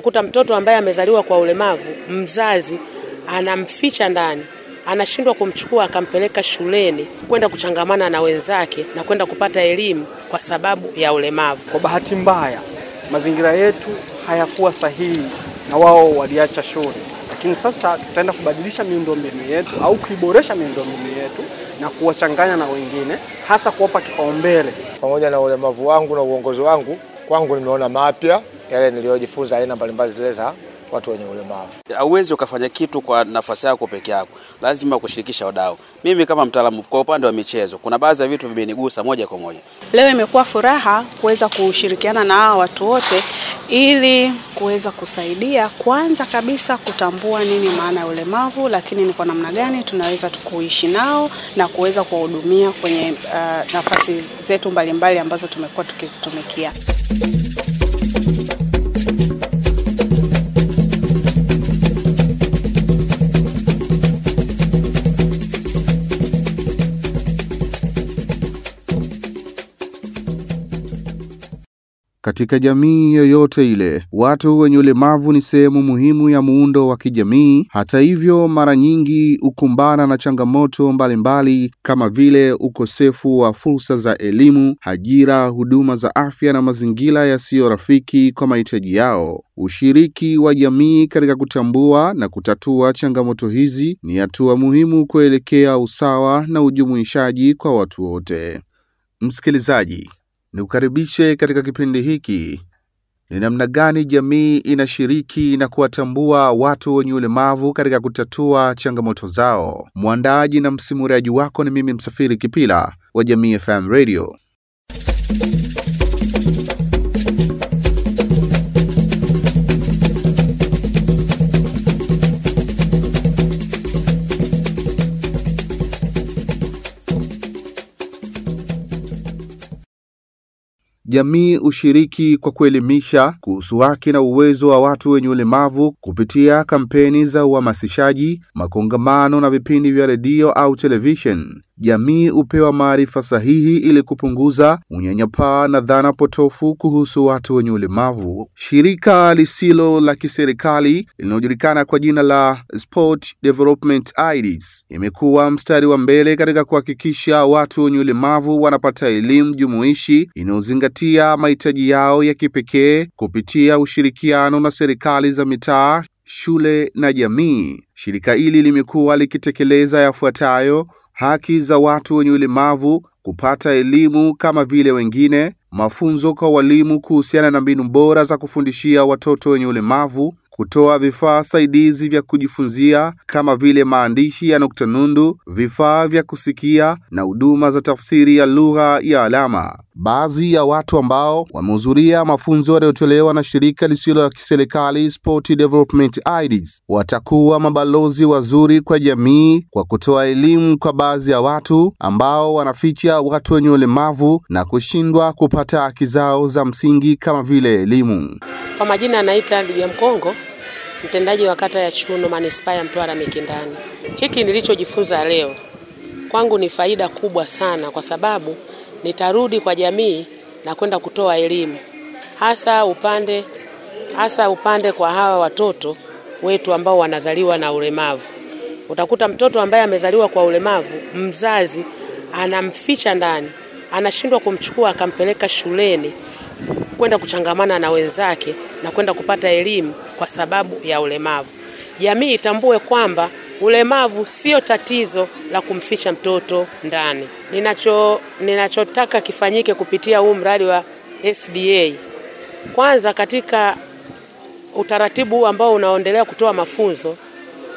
unakuta mtoto ambaye amezaliwa kwa ulemavu, mzazi anamficha ndani anashindwa kumchukua akampeleka shuleni kwenda kuchangamana na wenzake na kwenda kupata elimu kwa sababu ya ulemavu. Kwa bahati mbaya, mazingira yetu hayakuwa sahihi na wao waliacha shule, lakini sasa tutaenda kubadilisha miundombinu yetu au kuiboresha miundombinu yetu na kuwachanganya na wengine, hasa kuwapa kipaumbele. Pamoja na ulemavu wangu na uongozi wangu kwangu nimeona mapya yale niliyojifunza aina mbalimbali zile za watu wenye ulemavu. Hauwezi ukafanya kitu kwa nafasi yako peke yako, lazima kushirikisha wadau. Mimi kama mtaalamu kwa upande wa michezo, kuna baadhi ya vitu vimenigusa moja kwa moja. Leo imekuwa furaha kuweza kushirikiana na hawa watu wote ili kuweza kusaidia kwanza kabisa kutambua nini maana ya ulemavu, lakini ni kwa namna gani tunaweza tukuishi nao na kuweza kuwahudumia kwenye uh, nafasi zetu mbalimbali mbali ambazo tumekuwa tukizitumikia. Katika jamii yoyote ile, watu wenye ulemavu ni sehemu muhimu ya muundo wa kijamii. Hata hivyo, mara nyingi hukumbana na changamoto mbalimbali mbali, kama vile ukosefu wa fursa za elimu, ajira, huduma za afya na mazingira yasiyo rafiki kwa mahitaji yao. Ushiriki wa jamii katika kutambua na kutatua changamoto hizi ni hatua muhimu kuelekea usawa na ujumuishaji kwa watu wote. Msikilizaji, ni kukaribishe katika kipindi hiki. Ni namna gani jamii inashiriki na kuwatambua watu wenye ulemavu katika kutatua changamoto zao? Mwandaaji na msimuriaji wako ni mimi Msafiri Kipila wa Jamii FM Radio. Jamii ushiriki kwa kuelimisha kuhusu haki na uwezo wa watu wenye ulemavu kupitia kampeni za uhamasishaji, makongamano na vipindi vya redio au television jamii hupewa maarifa sahihi ili kupunguza unyanyapaa na dhana potofu kuhusu watu wenye ulemavu. Shirika lisilo la kiserikali linalojulikana kwa jina la Sport Development IDs imekuwa mstari wa mbele katika kuhakikisha watu wenye ulemavu wanapata elimu jumuishi inayozingatia mahitaji yao ya kipekee kupitia ushirikiano na serikali za mitaa, shule na jamii. Shirika hili limekuwa likitekeleza yafuatayo haki za watu wenye ulemavu kupata elimu kama vile wengine, mafunzo kwa walimu kuhusiana na mbinu bora za kufundishia watoto wenye ulemavu, kutoa vifaa saidizi vya kujifunzia kama vile maandishi ya nukta nundu, vifaa vya kusikia na huduma za tafsiri ya lugha ya alama. Baadhi ya watu ambao wamehudhuria mafunzo yaliyotolewa na shirika lisilo la kiserikali Sport Development IDs watakuwa mabalozi wazuri kwa jamii kwa kutoa elimu kwa baadhi ya watu ambao wanaficha watu wenye ulemavu na kushindwa kupata haki zao za msingi kama vile elimu. Kwa majina anaita Libia Mkongo, mtendaji wa kata ya Chuno, manispaa ya Mtwara Mikindani. Hiki nilichojifunza leo kwangu ni faida kubwa sana, kwa sababu nitarudi kwa jamii na kwenda kutoa elimu hasa upande, hasa upande kwa hawa watoto wetu ambao wanazaliwa na ulemavu. Utakuta mtoto ambaye amezaliwa kwa ulemavu, mzazi anamficha ndani, anashindwa kumchukua akampeleka shuleni kwenda kuchangamana na wenzake na kwenda kupata elimu kwa sababu ya ulemavu. Jamii itambue kwamba Ulemavu sio tatizo la kumficha mtoto ndani. Ninacho, ninachotaka kifanyike kupitia huu mradi wa SBA, kwanza katika utaratibu huu ambao unaendelea kutoa mafunzo,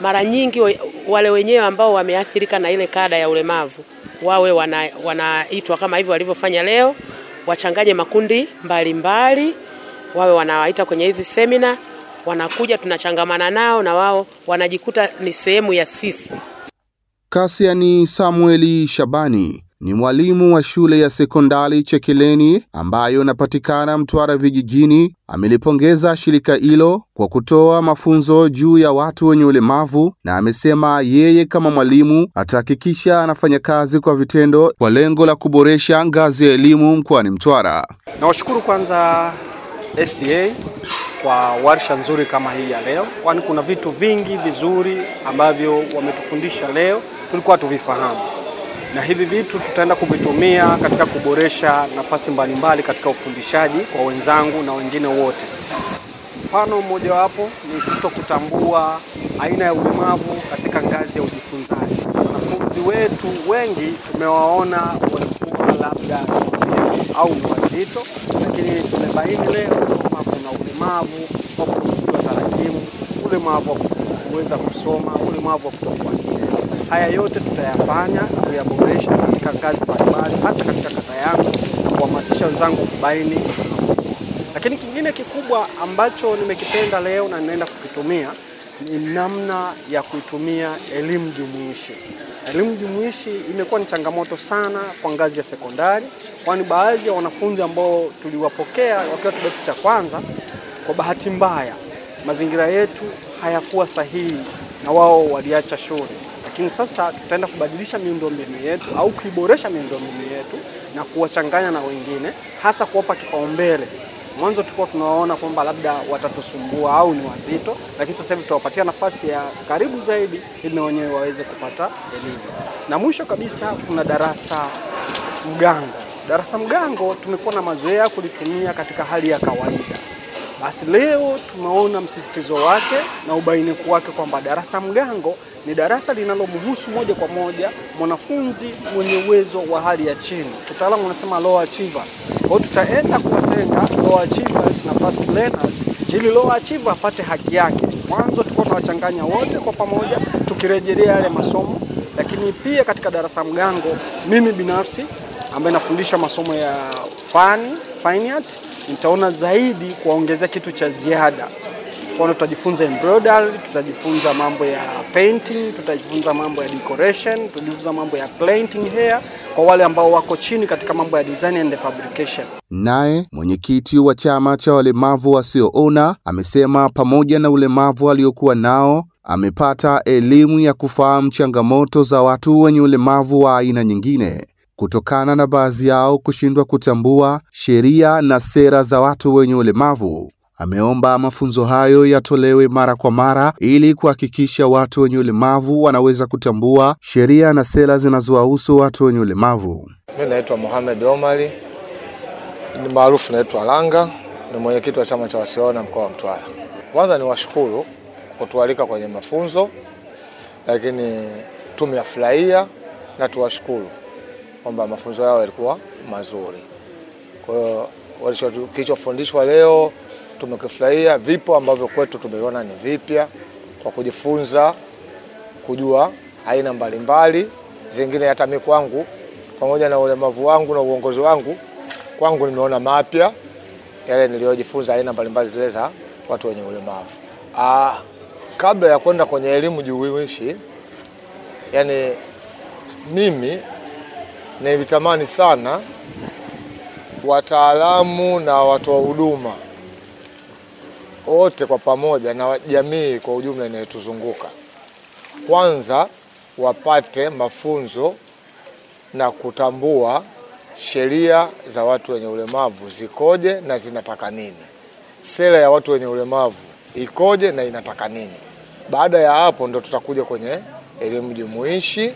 mara nyingi wale wenyewe ambao wameathirika na ile kada ya ulemavu wawe wanaitwa wana kama hivyo walivyofanya leo, wachanganye makundi mbalimbali mbali, wawe wanawaita kwenye hizi semina wanakuja tunachangamana nao na wao wanajikuta ni sehemu ya sisi. Kasiani Samueli Shabani ni mwalimu wa shule ya sekondari Chekeleni ambayo inapatikana Mtwara vijijini. Amelipongeza shirika hilo kwa kutoa mafunzo juu ya watu wenye ulemavu na amesema yeye kama mwalimu atahakikisha anafanya kazi kwa vitendo kwa lengo la kuboresha ngazi ya elimu mkoani Mtwara. Nawashukuru kwanza SDA kwa warsha nzuri kama hii ya leo, kwani kuna vitu vingi vizuri ambavyo wametufundisha leo tulikuwa tuvifahamu, na hivi vitu tutaenda kuvitumia katika kuboresha nafasi mbalimbali katika ufundishaji kwa wenzangu na wengine wote. Mfano mmojawapo ni kuto kutambua aina ya ulemavu katika ngazi ya ujifunzaji. Wanafunzi wetu wengi tumewaona walikuwa labda au wazito, lakini tumebaini leo kwamba kuna ulemavu wa kupitia tarakimu, ulemavu wa kuweza kusoma, ulemavu wa kutokuangalia. Haya yote tutayafanya kuyaboresha katika ngazi mbalimbali, hasa katika kata yangu, kuhamasisha wenzangu kubaini. Lakini kingine kikubwa ambacho nimekipenda leo na ninaenda kukitumia ni namna ya kuitumia elimu jumuishi. Elimu jumuishi imekuwa ni changamoto sana kwa ngazi ya sekondari, kwani baadhi ya wanafunzi ambao tuliwapokea wakiwa kidato cha kwanza, kwa bahati mbaya mazingira yetu hayakuwa sahihi na wao waliacha shule. Lakini sasa tutaenda kubadilisha miundombinu yetu au kuiboresha miundombinu yetu na kuwachanganya na wengine, hasa kuwapa kipaumbele Mwanzo tulikuwa tunaona kwamba labda watatusumbua au ni wazito, lakini sasa hivi tutawapatia nafasi ya karibu zaidi ili na wenyewe waweze kupata elimu. Na mwisho kabisa kuna darasa mgango. Darasa mgango tumekuwa na mazoea kulitumia katika hali ya kawaida, basi leo tumeona msisitizo wake na ubainifu wake kwamba darasa mgango ni darasa linalomhusu moja kwa moja mwanafunzi mwenye uwezo wa hali ya chini, kitaalamu unasema low achiever. Kwa tutaenda kuwatenga low achievers na fast learners ili low achiever apate haki yake. Mwanzo na tunawachanganya wote kwa pamoja tukirejelea yale masomo, lakini pia katika darasa mgango, mimi binafsi ambaye nafundisha masomo ya fani fine art nitaona zaidi kuwaongezea kitu cha ziada mfano tutajifunza embroidery, tutajifunza mambo ya painting, tutajifunza mambo ya decoration, tutajifunza mambo ya planting hair kwa wale ambao wako chini katika mambo ya design and fabrication. Naye mwenyekiti wa chama cha walemavu wasioona amesema pamoja na ulemavu aliokuwa nao amepata elimu ya kufahamu changamoto za watu wenye ulemavu wa aina nyingine kutokana na baadhi yao kushindwa kutambua sheria na sera za watu wenye ulemavu. Ameomba mafunzo hayo yatolewe mara kwa mara ili kuhakikisha watu wenye ulemavu wanaweza kutambua sheria na sera zinazowahusu watu wenye ulemavu. mi naitwa Mohamed Omari, ni maarufu naitwa Langa, ni mwenyekiti wa chama cha wasioona mkoa wa Mtwara. Kwanza ni washukuru kutualika kwenye mafunzo, lakini tumeyafurahia na tuwashukuru kwamba mafunzo yao yalikuwa mazuri. Kwa hiyo kilichofundishwa leo tumekifurahia. Vipo ambavyo kwetu tumeona ni vipya kwa kujifunza, kujua aina mbalimbali zingine. Hata mimi kwangu, pamoja na ulemavu wangu na uongozi wangu, kwangu nimeona mapya yale niliyojifunza, aina mbalimbali zile za watu wenye ulemavu. Ah, kabla ya kwenda kwenye elimu jumuishi, yani mimi nilitamani sana wataalamu na watoa huduma wote kwa pamoja na jamii kwa ujumla inayotuzunguka, kwanza wapate mafunzo na kutambua sheria za watu wenye ulemavu zikoje na zinataka nini, sera ya watu wenye ulemavu ikoje na inataka nini. Baada ya hapo, ndo tutakuja kwenye elimu jumuishi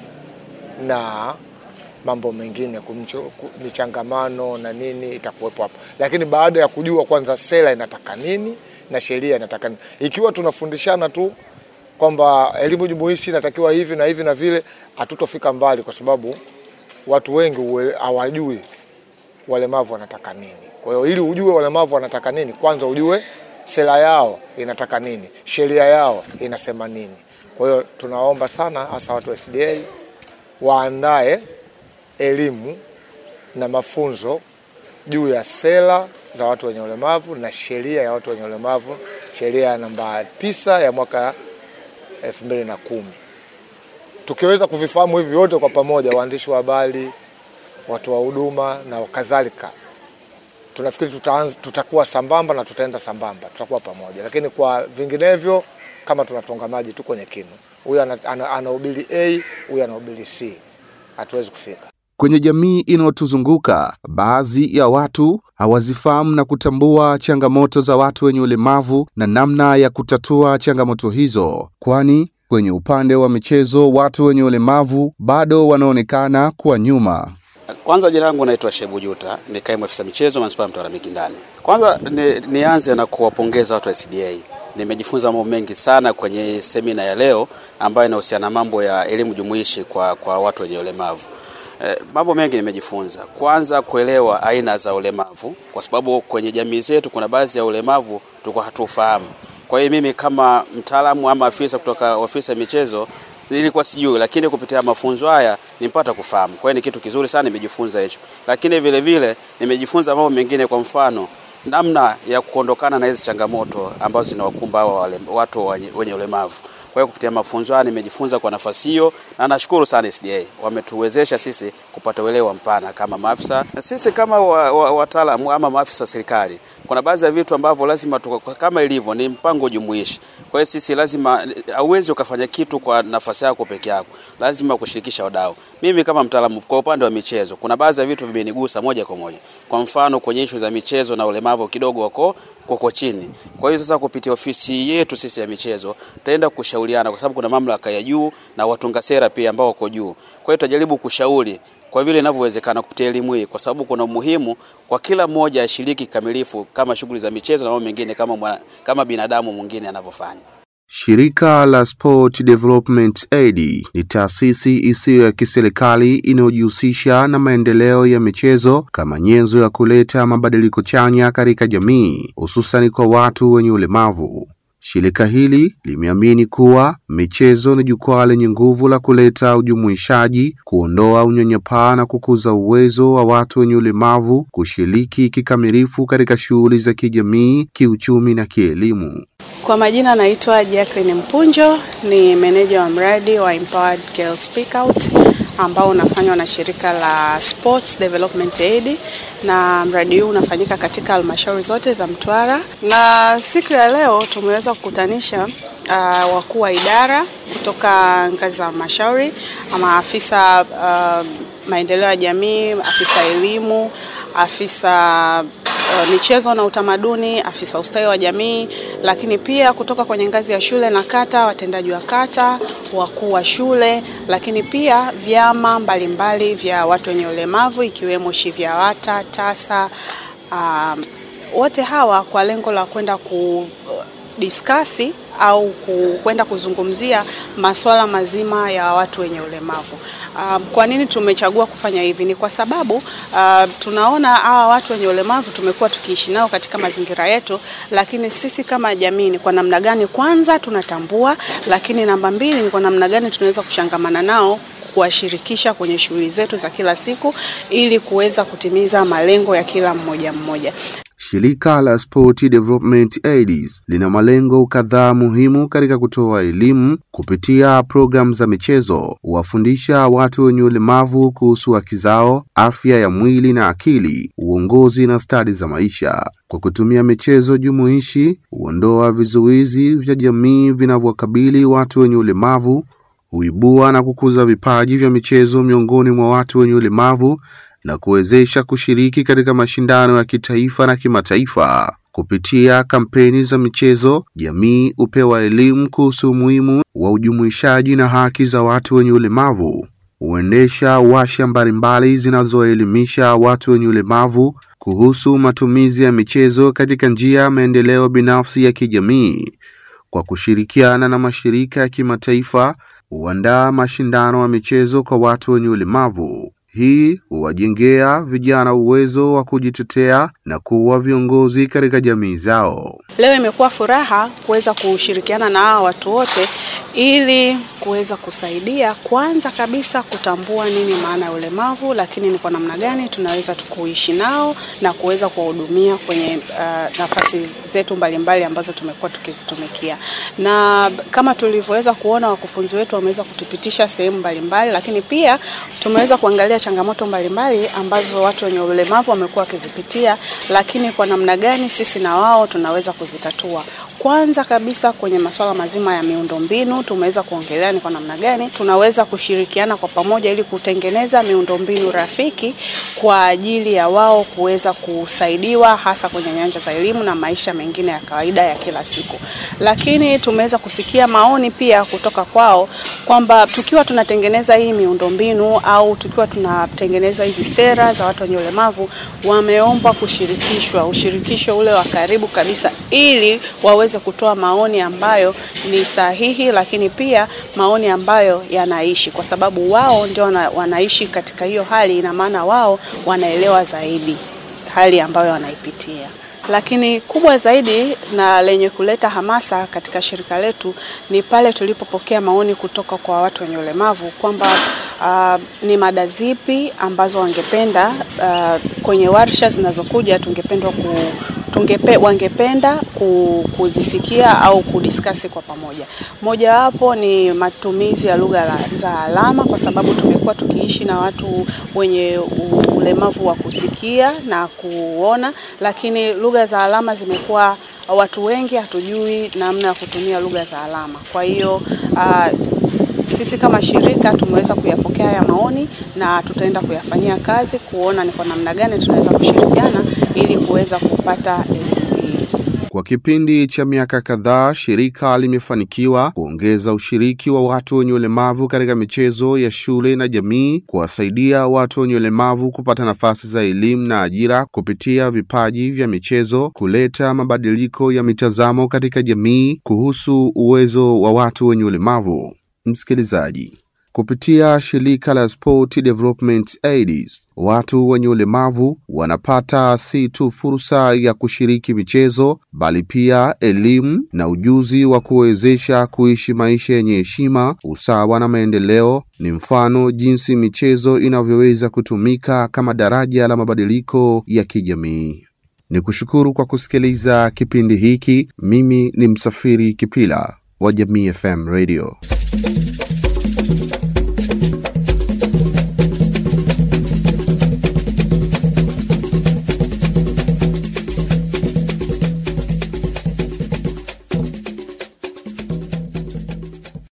na mambo mengine kumcho, michangamano na nini itakuwepo hapo, lakini baada ya kujua kwanza sera inataka nini na sheria inataka Ikiwa tunafundishana tu kwamba elimu jumuishi inatakiwa hivi na hivi na vile, hatutofika mbali, kwa sababu watu wengi hawajui walemavu wanataka nini. Kwa hiyo ili ujue walemavu wanataka nini, kwanza ujue sera yao inataka nini, sheria yao inasema nini. Kwa hiyo tunaomba sana, hasa watu wa SDA waandae elimu na mafunzo juu ya sera za watu wenye ulemavu na sheria ya watu wenye ulemavu, sheria namba tisa ya mwaka elfu mbili na kumi. Tukiweza kuvifahamu hivi vyote kwa pamoja, waandishi wa habari, watu wa huduma na kadhalika, tunafikiri tutaanza, tutakuwa sambamba na tutaenda sambamba, tutakuwa pamoja, lakini kwa vinginevyo kama tunatonga maji tu kwenye kinu, huyu anahubiri ana, ana A, huyu anahubiri C, hatuwezi kufika. Kwenye jamii inayotuzunguka, baadhi ya watu hawazifahamu na kutambua changamoto za watu wenye ulemavu na namna ya kutatua changamoto hizo, kwani kwenye upande wa michezo watu wenye ulemavu bado wanaonekana kuwa nyuma. Kwanza jina langu naitwa Shebu Juta, ni kaimu afisa michezo manispaa ya Mtwara Mikindani. Kwanza ni, nianze na kuwapongeza watu wa SDA. Nimejifunza mambo mengi sana kwenye semina ya leo ambayo inahusiana na mambo ya elimu jumuishi kwa, kwa watu wenye ulemavu. Eh, mambo mengi nimejifunza. Kwanza kuelewa aina za ulemavu, kwa sababu kwenye jamii zetu kuna baadhi ya ulemavu tuko hatufahamu. Kwa hiyo mimi kama mtaalamu ama afisa kutoka ofisi ya michezo nilikuwa sijui, lakini kupitia mafunzo haya nimpata kufahamu. Kwa hiyo ni kitu kizuri sana nimejifunza hicho, lakini vile vile nimejifunza mambo mengine, kwa mfano namna ya kuondokana na hizi changamoto ambazo zinawakumba hawa watu wenye ulemavu. Kwa hiyo kupitia mafunzo haya nimejifunza kwa nafasi hiyo, na nashukuru sana SDA, wametuwezesha sisi kupata uelewa mpana kama maafisa na sisi kama wataalamu wa, wa ama maafisa wa serikali. Kuna baadhi ya vitu ambavyo lazima tuka, kama ilivyo ni mpango jumuishi. Kwa hiyo sisi lazima, hauwezi ukafanya kitu kwa nafasi yako peke yako, lazima kushirikisha wadau. Mimi kama mtaalamu kwa upande wa michezo, kuna baadhi ya vitu vimenigusa moja kwa moja, kwa mfano kwenye ishu za michezo na ulemavu navyo kidogo wako koko chini. Kwa hiyo sasa, kupitia ofisi yetu sisi ya michezo tutaenda kushauriana, kwa sababu kuna mamlaka ya juu na watunga sera pia ambao wako juu. Kwa hiyo tutajaribu kushauri kwa vile inavyowezekana kupitia elimu hii, kwa sababu kuna umuhimu kwa kila mmoja ashiriki kikamilifu kama shughuli za michezo na mambo mengine kama, kama binadamu mwingine anavyofanya. Shirika la Sport Development Aid ni taasisi isiyo ya kiserikali inayojihusisha na maendeleo ya michezo kama nyenzo ya kuleta mabadiliko chanya katika jamii, hususani kwa watu wenye ulemavu. Shirika hili limeamini kuwa michezo ni jukwaa lenye nguvu la kuleta ujumuishaji, kuondoa unyanyapaa na kukuza uwezo wa watu wenye ulemavu kushiriki kikamilifu katika shughuli za kijamii, kiuchumi na kielimu. Kwa majina naitwa Jacqueline Mpunjo, ni meneja wa mradi wa Empowered Girls Speak Out ambao unafanywa na shirika la Sports Development Aid na mradi huu unafanyika katika halmashauri zote za Mtwara, na siku ya leo tumeweza kukutanisha uh, wakuu wa idara kutoka ngazi za halmashauri ama afisa uh, maendeleo ya jamii, afisa elimu, afisa Eh, michezo na utamaduni, afisa ustawi wa jamii, lakini pia kutoka kwenye ngazi ya shule na kata, watendaji wa kata, wakuu wa shule, lakini pia vyama mbalimbali mbali vya watu wenye ulemavu ikiwemo SHIVYAWATA, TASA, um, wote hawa kwa lengo la kwenda kudiskasi eh, au kwenda kuzungumzia masuala mazima ya watu wenye ulemavu. Um, kwa nini tumechagua kufanya hivi? Ni kwa sababu uh, tunaona hawa watu wenye ulemavu tumekuwa tukiishi nao katika mazingira yetu, lakini sisi kama jamii ni kwa namna gani kwanza tunatambua, lakini namba mbili ni kwa namna gani tunaweza kuchangamana nao kuwashirikisha kwenye shughuli zetu za kila siku ili kuweza kutimiza malengo ya kila mmoja mmoja. Shirika la Sport Development Aids lina malengo kadhaa muhimu katika kutoa elimu kupitia programu za michezo, huwafundisha watu wenye ulemavu kuhusu haki zao, afya ya mwili na akili, uongozi na stadi za maisha. Kwa kutumia michezo jumuishi, huondoa vizuizi vya jamii vinavyokabili watu wenye ulemavu, huibua na kukuza vipaji vya michezo miongoni mwa watu wenye ulemavu na kuwezesha kushiriki katika mashindano ya kitaifa na kimataifa. Kupitia kampeni za michezo, jamii hupewa elimu kuhusu umuhimu wa ujumuishaji na haki za watu wenye ulemavu. Huendesha washa mbalimbali zinazoelimisha watu wenye ulemavu kuhusu matumizi ya michezo katika njia ya maendeleo binafsi ya kijamii. Kwa kushirikiana na mashirika ya kimataifa, huandaa mashindano ya michezo kwa watu wenye ulemavu. Hii huwajengea vijana uwezo wa kujitetea na kuwa viongozi katika jamii zao. Leo imekuwa furaha kuweza kushirikiana na hawa watu wote ili kuweza kusaidia kwanza kabisa kutambua nini maana ya ulemavu, lakini ni kwa namna gani tunaweza tukuishi nao na kuweza kuwahudumia kwenye uh, nafasi zetu mbalimbali ambazo tumekuwa tukizitumikia. Na kama tulivyoweza kuona, wakufunzi wetu wameweza kutupitisha sehemu mbalimbali, lakini pia tumeweza kuangalia changamoto mbalimbali ambazo watu wenye ulemavu wamekuwa wakizipitia, lakini kwa namna gani sisi na wao tunaweza kuzitatua. Kwanza kabisa kwenye masuala mazima ya miundombinu tumeweza kuongelea ni kwa namna gani tunaweza kushirikiana kwa pamoja ili kutengeneza miundombinu rafiki kwa ajili ya wao kuweza kusaidiwa hasa kwenye nyanja za elimu na maisha mengine ya kawaida ya kila siku. Lakini tumeweza kusikia maoni pia kutoka kwao kwamba tukiwa tunatengeneza hii miundombinu au tukiwa tunatengeneza hizi sera za watu wenye ulemavu, wameomba kushirikishwa ushirikisho ule wa karibu kabisa ili waweze kutoa maoni ambayo ni sahihi, lakini pia maoni ambayo yanaishi, kwa sababu wao ndio wanaishi katika hiyo hali. Ina maana wao wanaelewa zaidi hali ambayo wanaipitia lakini kubwa zaidi na lenye kuleta hamasa katika shirika letu ni pale tulipopokea maoni kutoka kwa watu wenye ulemavu kwamba uh, ni mada zipi ambazo wangependa uh, kwenye warsha zinazokuja tungependwa ku tungepe, wangependa kuzisikia au kudiskasi kwa pamoja. Mojawapo ni matumizi ya lugha za alama, kwa sababu tumekuwa tukiishi na watu wenye ulemavu wa kusikia na kuona, lakini lugha za alama zimekuwa watu wengi hatujui namna ya kutumia lugha za alama. Kwa hiyo uh, sisi kama shirika tumeweza kuyapokea haya maoni na tutaenda kuyafanyia kazi kuona ni kwa namna gani tunaweza kushirikiana ili kuweza kupata elimu hii. Kwa kipindi cha miaka kadhaa, shirika limefanikiwa kuongeza ushiriki wa watu wenye ulemavu katika michezo ya shule na jamii, kuwasaidia watu wenye ulemavu kupata nafasi za elimu na ajira kupitia vipaji vya michezo, kuleta mabadiliko ya mitazamo katika jamii kuhusu uwezo wa watu wenye ulemavu msikilizaji, kupitia shirika la Sport Development Aids, watu wenye ulemavu wanapata si tu fursa ya kushiriki michezo, bali pia elimu na ujuzi wa kuwezesha kuishi maisha yenye heshima, usawa na maendeleo. Ni mfano jinsi michezo inavyoweza kutumika kama daraja la mabadiliko ya kijamii. Ni kushukuru kwa kusikiliza kipindi hiki. Mimi ni Msafiri Kipila wa Jamii FM Radio. Thank you.